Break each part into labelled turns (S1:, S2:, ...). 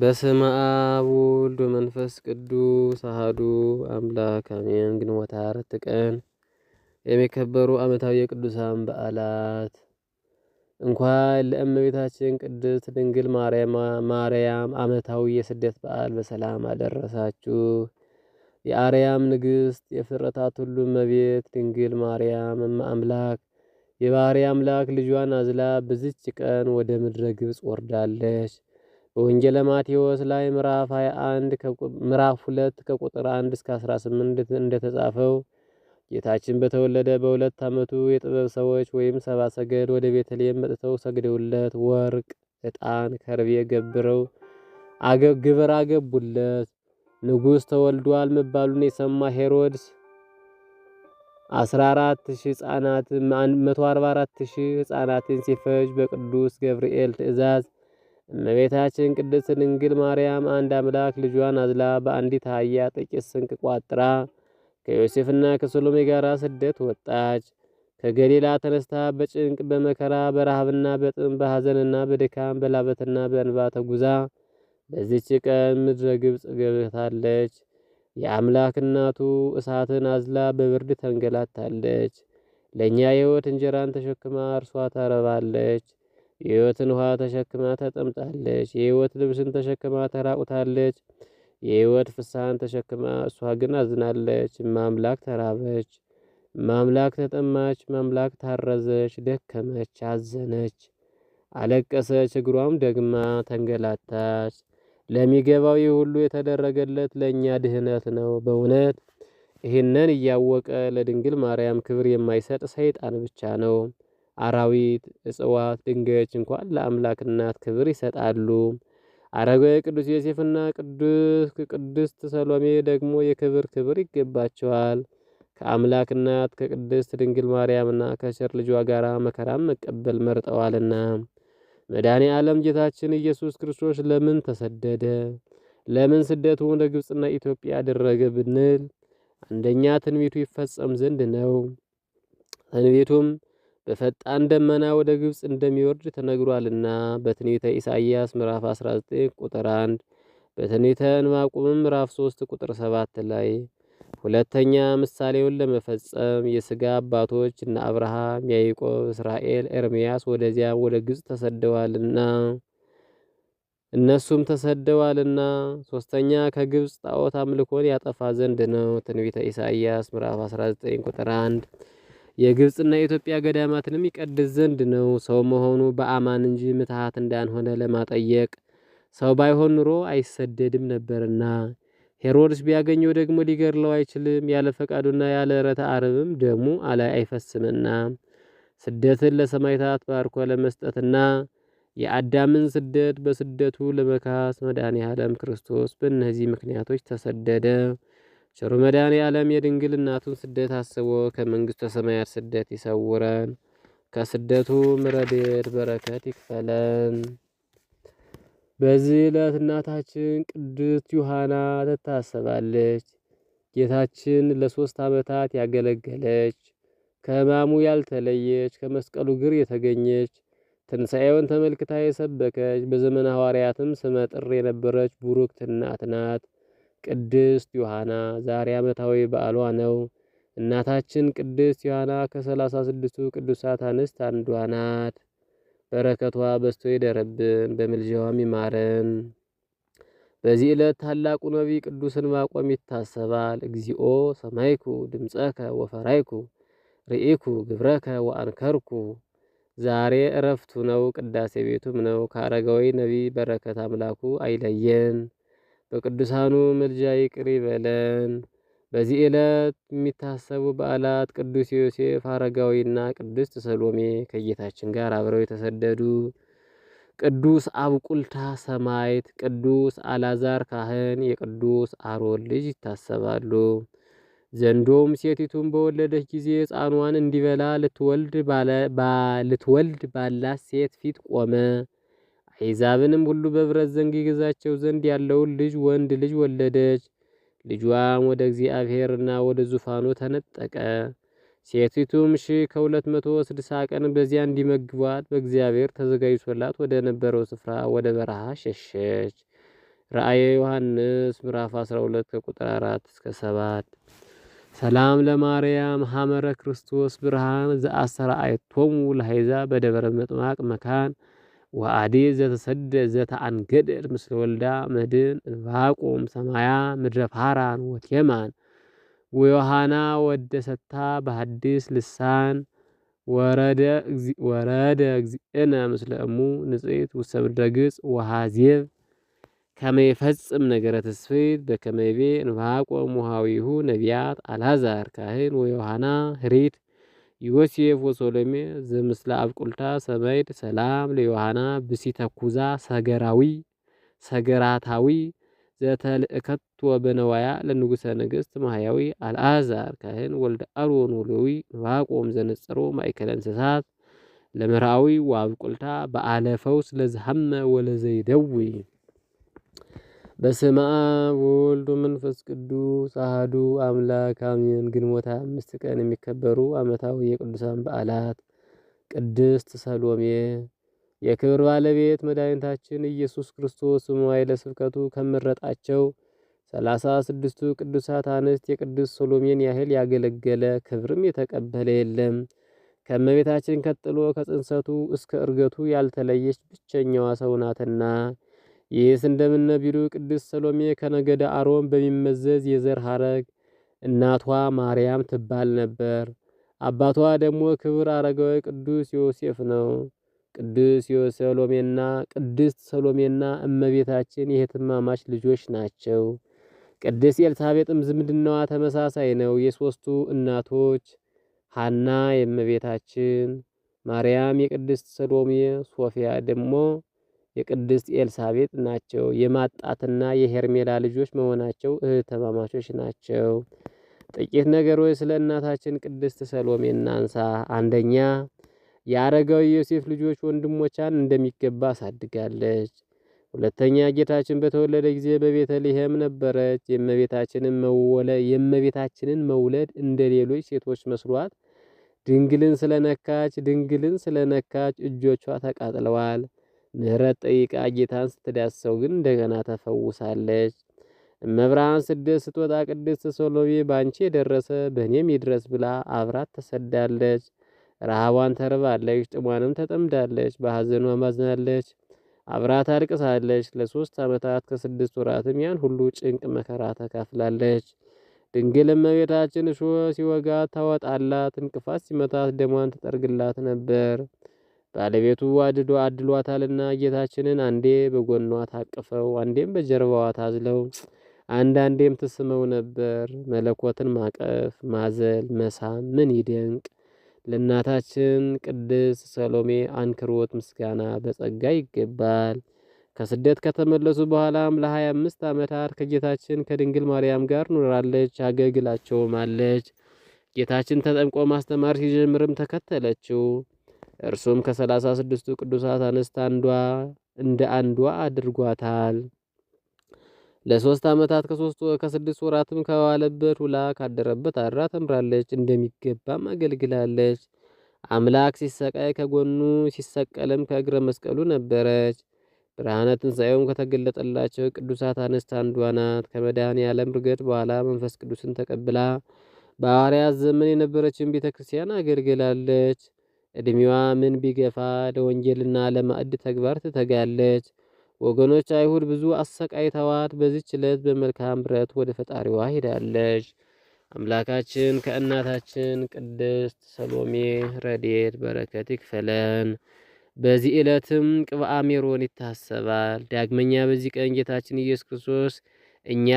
S1: በስመ አብ ወወልድ ወመንፈስ ቅዱስ አሐዱ አምላክ አሜን። ግንቦት አራት ቀን የሚከበሩ ዓመታዊ የቅዱሳን በዓላት እንኳን ለእመቤታችን ቅድስት ድንግል ማርያም ዓመታዊ የስደት በዓል በሰላም አደረሳችሁ። የአርያም ንግሥት የፍጥረታት ሁሉ እመቤት ድንግል ማርያም እመ አምላክ የባሕርይ አምላክ ልጇን አዝላ ብዝች ቀን ወደ ምድረ ግብፅ ወርዳለች። በወንጌለ ማቴዎስ ላይ ምዕራፍ 21 ምዕራፍ 2 ከቁጥር 1 እስከ 18 እንደተጻፈው ጌታችን በተወለደ በሁለት ዓመቱ የጥበብ ሰዎች ወይም ሰባ ሰገድ ወደ ቤተልሔም መጥተው ሰግደውለት ወርቅ፣ ዕጣን፣ ከርቤ ገብረው ግብር አገቡለት። ንጉሥ ተወልዷል መባሉን የሰማ ሄሮድስ 14000 ሕፃናት 144000 ሕፃናትን ሲፈጅ በቅዱስ ገብርኤል ትእዛዝ እመቤታችን ቅድስት ድንግል ማርያም አንድ አምላክ ልጇን አዝላ በአንዲት አህያ ጥቂት ስንቅ ቋጥራ ከዮሴፍና ከሰሎሜ ጋር ስደት ወጣች። ከገሊላ ተነስታ በጭንቅ በመከራ በረሃብና በጥም በሐዘንና በድካም በላበትና በእንባ ተጉዛ በዚች ቀን ምድረ ግብፅ ገብታለች። የአምላክ እናቱ እሳትን አዝላ በብርድ ተንገላታለች። ለእኛ የሕይወት እንጀራን ተሸክማ እርሷ ተረባለች። የሕይወትን ውሃ ተሸክማ ተጠምጣለች። የሕይወት ልብስን ተሸክማ ተራቁታለች። የሕይወት ፍስሐን ተሸክማ እሷ ግን አዝናለች። ማምላክ ተራበች፣ ማምላክ ተጠማች፣ ማምላክ ታረዘች፣ ደከመች፣ አዘነች፣ አለቀሰች፣ እግሯም ደግማ ተንገላታች። ለሚገባው ይህ ሁሉ የተደረገለት ለእኛ ድህነት ነው። በእውነት ይህንን እያወቀ ለድንግል ማርያም ክብር የማይሰጥ ሰይጣን ብቻ ነው። አራዊት፣ እጽዋት፣ ድንጋዮች እንኳን ለአምላክ እናት ክብር ይሰጣሉ። አረጋዊ ቅዱስ ዮሴፍና ቅዱስ ቅድስት ሰሎሜ ደግሞ የክብር ክብር ይገባቸዋል። ከአምላክ እናት ከቅድስት ድንግል ማርያምና ከቸር ልጇ ጋር መከራም መቀበል መርጠዋልና። መድኃኔ ዓለም ጌታችን ኢየሱስ ክርስቶስ ለምን ተሰደደ? ለምን ስደቱ ወደ ግብፅና ኢትዮጵያ ያደረገ ብንል አንደኛ ትንቢቱ ይፈጸም ዘንድ ነው። ትንቢቱም በፈጣን ደመና ወደ ግብፅ እንደሚወርድ ተነግሯልና። በትንቢተ ኢሳይያስ ምዕራፍ 19 ቁጥር 1 በትንቢተ ዕንባቆምም ምዕራፍ 3 ቁጥር 7 ላይ ሁለተኛ ምሳሌውን ለመፈጸም የሥጋ አባቶች እነ አብርሃም፣ ያዕቆብ፣ እስራኤል፣ ኤርምያስ ወደዚያ ወደ ግብፅ ተሰደዋልና እነሱም ተሰደዋልና። ሶስተኛ ከግብፅ ጣዖት አምልኮን ያጠፋ ዘንድ ነው። ትንቢተ ኢሳይያስ ምዕራፍ 19 ቁጥር 1 የግብፅና የኢትዮጵያ ገዳማትንም ይቀድስ ዘንድ ነው። ሰው መሆኑ በአማን እንጂ ምትሃት እንዳንሆነ ለማጠየቅ ሰው ባይሆን ኑሮ አይሰደድም ነበርና ሄሮድስ ቢያገኘው ደግሞ ሊገድለው አይችልም። ያለ ፈቃዱና ያለ ረተ አርብም ደሙ አላይ አይፈስምና ስደትን ለሰማይታት ባርኮ ለመስጠትና የአዳምን ስደት በስደቱ ለመካስ መድኃኔ ዓለም ክርስቶስ በእነዚህ ምክንያቶች ተሰደደ። ቸሩ መድኃኔ ዓለም የድንግል እናቱን ስደት አስቦ ከመንግሥተ ሰማያት ስደት ይሰውረን። ከስደቱ ረድኤት በረከት ይክፈለን። በዚህ ዕለት እናታችን ቅድስት ዮሐና ትታሰባለች። ጌታችን ለሦስት ዓመታት ያገለገለች ከሕማሙ ያልተለየች ከመስቀሉ ግር የተገኘች ትንሣኤውን ተመልክታ የሰበከች በዘመነ ሐዋርያትም ስመጥር የነበረች ቡሩክት እናት ናት። ቅድስት ዮሐና ዛሬ ዓመታዊ በዓሏ ነው። እናታችን ቅድስት ዮሐና ከሰላሳ ስድስቱ ቅዱሳት አንስት አንዷ ናት። በረከቷ በዝቶ ይደረብን፣ በምልጃዋም ይማረን። በዚህ ዕለት ታላቁ ነቢይ ቅዱስ ዕንባቆም ይታሰባል። እግዚኦ ሰማይኩ ድምፀከ ወፈራይኩ ርኢኩ ግብረከ ወአንከርኩ። ዛሬ እረፍቱ ነው፣ ቅዳሴ ቤቱም ነው። ከአረጋዊ ነቢይ በረከት አምላኩ አይለየን። በቅዱሳኑ ምልጃ ይቅር ይበለን። በዚህ ዕለት የሚታሰቡ በዓላት ቅዱስ ዮሴፍ አረጋዊና ቅድስት ሰሎሜ ከጌታችን ጋር አብረው የተሰደዱ፣ ቅዱስ አብቁልታ ሰማይት፣ ቅዱስ አላዛር ካህን፣ የቅዱስ አሮን ልጅ ይታሰባሉ። ዘንዶም ሴቲቱን በወለደች ጊዜ ሕፃኗን እንዲበላ ልትወልድ ባላት ሴት ፊት ቆመ። አሕዛብንም ሁሉ በብረት ዘንግ ይገዛቸው ዘንድ ያለውን ልጅ ወንድ ልጅ ወለደች። ልጇም ወደ እግዚአብሔርና ወደ ዙፋኑ ተነጠቀ። ሴቲቱም ሺ ከሁለት መቶ ስድሳ ቀን በዚያ እንዲመግቧት በእግዚአብሔር ተዘጋጅቶላት ወደ ነበረው ስፍራ ወደ በረሃ ሸሸች። ራእየ ዮሐንስ ምዕራፍ 12 ከቁጥር 4 እስከ 7። ሰላም ለማርያም ሐመረ ክርስቶስ ብርሃን ዘአሰራ ዘአሰራአይቶሙ ለአሕዛብ በደብረ መጥማቅ መካን ወአዴ ዘተሰደ ዘተ አንገደር ምስለ ወልዳ መድን ዕንባቆም ሰማያ ምድረ ፋራን ወቴማን ወዮሃና ወደ ሰታ በሐዲስ ልሳን ወረደ እግዚእነ ምስለ እሙ ንጽሕት ውስተ ምድረ ገጽ ወሐዜብ ከመ ይፈጽም ነገረ ተስፍት በከመ ይቤ ዕንባቆም ነቢያት አልዓዛር ካህን ወዮሃና ህሪት ዮሴፍ ወሶሎሜ ዘምስለ አብቁልታ ሰመይድ ሰላም ለዮሐና ብሲተኩዛ ሰገራዊ ሰገራታዊ ዘተልእከቶ ወበነዋያ ለንጉሰ ነገስት ማህያዊ አልአዛር ካህን ወልደ አሮን ወሎዊ ባቆም ዘነጽሮ ማእከለ እንስሳት ለምርአዊ ወአብቁልታ በአለ ፈውስ ለዝሐመ ወለዘይደዊ በስመ አብ ወወልድ ወመንፈስ ቅዱስ አሐዱ አምላክ አሜን። ግንቦት ሃያ አምስት ቀን የሚከበሩ ዓመታዊ የቅዱሳን በዓላት ቅድስት ሰሎሜ የክብር ባለቤት መድኃኒታችን ኢየሱስ ክርስቶስ መዋዕለ ስብከቱ ከመረጣቸው ሰላሳ ስድስቱ ቅዱሳት አንስት የቅድስት ሰሎሜን ያህል ያገለገለ ክብርም የተቀበለ የለም። ከእመቤታችን ቀጥሎ ከጽንሰቱ እስከ እርገቱ ያልተለየች ብቸኛዋ ሰው ናትና። ይህስ እንደምን ቢሉዕ ቅድስት ሰሎሜ ከነገደ አሮን በሚመዘዝ የዘር ሐረግ እናቷ ማርያም ትባል ነበር። አባቷ ደግሞ ክብር አረጋዊ ቅዱስ ዮሴፍ ነው። ቅዱስ ሰሎሜና ቅድስት ሰሎሜና እመቤታችን የህትማማች ልጆች ናቸው። ቅድስት ኤልሳቤጥም ዝምድናዋ ተመሳሳይ ነው። የሶስቱ እናቶች ሐና የእመቤታችን፣ ማርያም የቅድስት ሰሎሜ፣ ሶፊያ ደግሞ የቅድስት ኤልሳቤጥ ናቸው። የማጣትና የሄርሜላ ልጆች መሆናቸው እህት ተማማቾች ናቸው። ጥቂት ነገሮች ስለ እናታችን ቅድስት ሰሎሜ እናንሳ። አንደኛ የአረጋዊ ዮሴፍ ልጆች ወንድሞቿን እንደሚገባ አሳድጋለች። ሁለተኛ ጌታችን በተወለደ ጊዜ በቤተልሔም ነበረች። የእመቤታችንን መወለ የእመቤታችንን መውለድ እንደ ሌሎች ሴቶች መስሏት ድንግልን ስለነካች ድንግልን ስለነካች እጆቿ ተቃጥለዋል። ምህረት ጠይቃ ጌታን ስትዳሰው ግን እንደገና ተፈውሳለች። እመብርሃን ስደት ስትወጣ ቅድስት ሰሎሜ በአንቺ የደረሰ በእኔም ይድረስ ብላ አብራት ተሰዳለች። ረሃቧን ተርባለች፣ ጥሟንም ተጠምዳለች፣ በሐዘኗ ማዝናለች፣ አብራት አልቅሳለች። ለሶስት ዓመታት ከስድስት ወራትም ያን ሁሉ ጭንቅ መከራ ተካፍላለች። ድንግል እመቤታችን እሾህ ሲወጋት ታወጣላት፣ እንቅፋት ሲመታት ደሟን ትጠርግላት ነበር። ባለቤቱ አድዶ አድሏታልና ጌታችንን አንዴ በጎኗ ታቅፈው አንዴም በጀርባዋ ታዝለው አንዳንዴም ትስመው ነበር። መለኮትን ማቀፍ፣ ማዘል፣ መሳም ምን ይደንቅ! ለእናታችን ቅድስት ሰሎሜ አንክሮት ምስጋና በጸጋ ይገባል። ከስደት ከተመለሱ በኋላም ለ25 ዓመታት ከጌታችን ከድንግል ማርያም ጋር ኑራለች አገልግላቸውም አለች። ጌታችን ተጠምቆ ማስተማር ሲጀምርም ተከተለችው። እርሱም ከሰላሳ ስድስቱ ቅዱሳት አንስት አንዷ እንደ አንዷ አድርጓታል። ለሶስት ዓመታት ከሶስት ከስድስት ወራትም ከዋለበት ውላ ካደረበት አድራ ተምራለች፣ እንደሚገባም አገልግላለች። አምላክ ሲሰቃይ ከጎኑ ሲሰቀልም ከእግረ መስቀሉ ነበረች። ብርሃነ ትንሣኤውም ከተገለጠላቸው ቅዱሳት አንስት አንዷ ናት። ከመድኃኔ ዓለም ርገት በኋላ መንፈስ ቅዱስን ተቀብላ በሐዋርያት ዘመን የነበረችን ቤተ ክርስቲያን አገልግላለች። እድሜዋ ምን ቢገፋ ለወንጌልና ለማዕድ ተግባር ትተጋለች። ወገኖች አይሁድ ብዙ አሰቃይተዋት በዚች ዕለት በመልካም ብረት ወደ ፈጣሪዋ ሄዳለች። አምላካችን ከእናታችን ቅድስት ሰሎሜ ረድኤት በረከት ይክፈለን። በዚህ ዕለትም ቅብአ ሜሮን ይታሰባል። ዳግመኛ በዚህ ቀን ጌታችን ኢየሱስ ክርስቶስ እኛ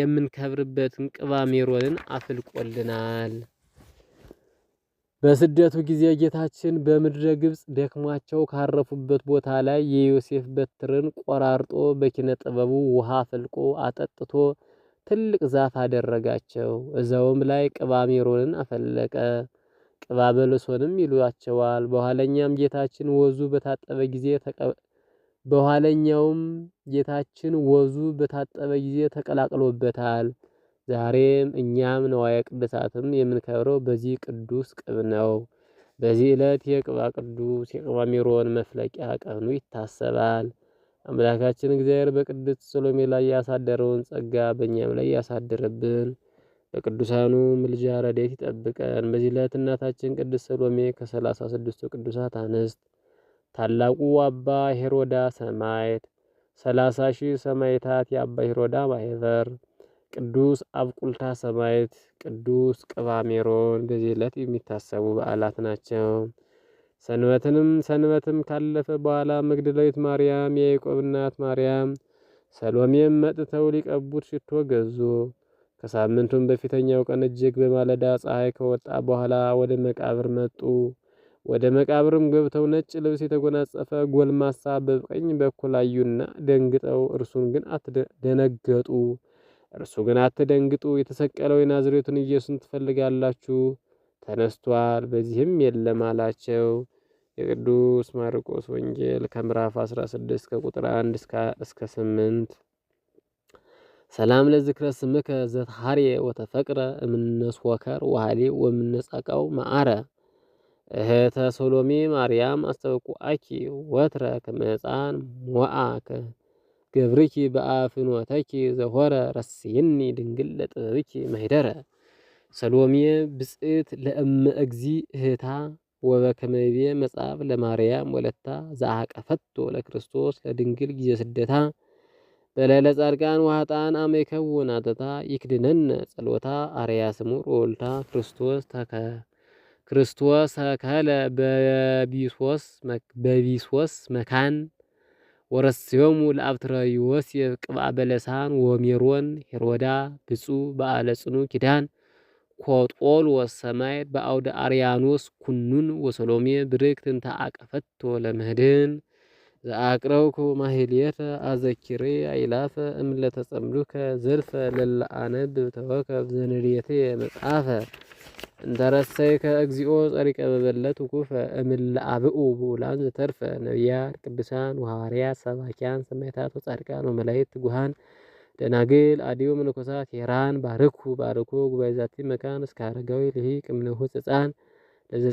S1: የምንከብርበትን ቅብአ ሜሮንን አፍልቆልናል። በስደቱ ጊዜ ጌታችን በምድረ ግብፅ ደክሟቸው ካረፉበት ቦታ ላይ የዮሴፍ በትርን ቆራርጦ በኪነ ጥበቡ ውሃ ፈልቆ አጠጥቶ ትልቅ ዛፍ አደረጋቸው። እዛውም ላይ ቅባሜሮንን አፈለቀ። ቅባ በለሶንም ይሏቸዋል። በኋለኛም ጌታችን ወዙ በታጠበ ጊዜ በኋለኛውም ጌታችን ወዙ በታጠበ ጊዜ ተቀላቅሎበታል። ዛሬም እኛም ነዋየ ቅድሳትም የምንከብረው በዚህ ቅዱስ ቅብ ነው። በዚህ ዕለት የቅባ ቅዱስ የቅባ ሚሮን መፍለቂያ ቀኑ ይታሰባል። አምላካችን እግዚአብሔር በቅድስት ሰሎሜ ላይ ያሳደረውን ጸጋ በእኛም ላይ ያሳድርብን፣ በቅዱሳኑ ምልጃ ረዴት ይጠብቀን። በዚህ ዕለት እናታችን ቅድስት ሰሎሜ ከሰላሳ ስድስቱ ቅዱሳት አንስት፣ ታላቁ አባ ሄሮዳ ሰማዕት፣ ሰላሳ ሺህ ሰማዕታት የአባ ሄሮዳ ማህበር ቅዱስ አብቁልታ ሰማዕት፣ ቅዱስ ቅባ ሜሮን በዚህ ዕለት የሚታሰቡ በዓላት ናቸው። ሰንበትንም ሰንበትም ካለፈ በኋላ መግደላዊት ማርያም፣ የያዕቆብ እናት ማርያም፣ ሰሎሜም መጥተው ሊቀቡት ሽቶ ገዙ። ከሳምንቱም በፊተኛው ቀን እጅግ በማለዳ ፀሐይ ከወጣ በኋላ ወደ መቃብር መጡ። ወደ መቃብርም ገብተው ነጭ ልብስ የተጎናጸፈ ጎልማሳ በቀኝ በኩል አዩና ደንግጠው፣ እርሱን ግን አትደነገጡ እርሱ ግን አትደንግጡ፣ የተሰቀለው የናዝሬቱን ኢየሱስን ትፈልጋላችሁ፣ ተነስቷል፣ በዚህም የለም አላቸው። የቅዱስ ማርቆስ ወንጌል ከምዕራፍ 16 ከቁጥር 1 እስከ 8። ሰላም ለዝክረ ስምከ ዘትሐርየ ወተፈቅረ እምነስ ወከር ዋህሌ ወምነጻቃው መዓረ እህተ ሶሎሜ ማርያም አስተውቁ አኪ ወትረ ከመፃን ሞአ ገብርኪ በአፍኖተኪ ዘሆረ ረስየኒ ድንግል ለጥበብኪ መህደረ ሰሎሜ ብፅዕት ለእመ እግዚ እህታ ወበከመቤ መጽሐፍ ለማርያም ወለታ ዘአቀፈቶ ለክርስቶስ ለድንግል ጊዜ ስደታ በላዕለ ጻድቃን ዋህጣን አመይከውን አተታ ይክድነነ ጸሎታ አርያ ስሙር ወልታ ክርስቶስ ተከ ክርስቶስ ተከለ በቢሶስ መካን ወረስዮሙ ለአብትራዊ ወሴፍ ቅብአ በለሳን ወሜሮን ሄሮዳ ብፁ በዓለ ጽኑ ኪዳን ኮጦል ወሰማይ በአውደ አርያኖስ ኩኑን ወሰሎሜ ብርክ ትንታ አቀፈቶ ለምህድን ዘአቅረውኩ ማህሌተ አዘኪሬ አይላፈ እምለተጸምዱከ ዘልፈ ለላአነብብ ተወከብ ዘንዴቴ መጽሐፈ እንተረሰይ ከእግዚኦ ጸሪቀ በበለት ኩፈ አብኡ ብኡላን ዘተርፈ ነቢያን ቅዱሳን ወሐዋርያት ሰባኪያን ሰማዕታት ወጻድቃን ወመላእክት ጉሃን ደናግል አዲዮ መነኮሳት ሄራን ባርኩ ባርኩ ጉባኤ ዛቲ መካን እስከ አረጋዊ ልሂቅ እምንውሑት ሕፃን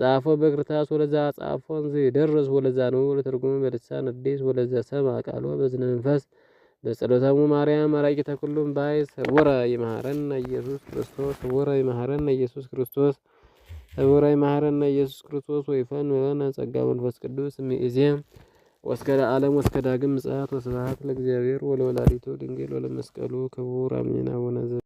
S1: ጻፎ በክርታስ ወለዛ ጻፎን ዘደረስ ወለዛ ነው ለትርጉሙ በልሳን አዲስ ወለዛ ሰማ ቃሎ በዝነ መንፈስ በጸሎተሙ ማርያም አራቂተ ተኩሉም ባይ ስቡረ ይመሃረነ ኢየሱስ ክርስቶስ ስቡረ ይመሃረነ ኢየሱስ ክርስቶስ ስቡረ ይመሃረነ ኢየሱስ ክርስቶስ ወይፈን ወና ጸጋ መንፈስ ቅዱስ እምይእዜም ወስከደ ዓለም ወስከዳግም ምጽአት ወስብሐት ለእግዚአብሔር ወለወላዲቱ ድንግል ወለመስቀሉ ክቡር አሜን። አቡነ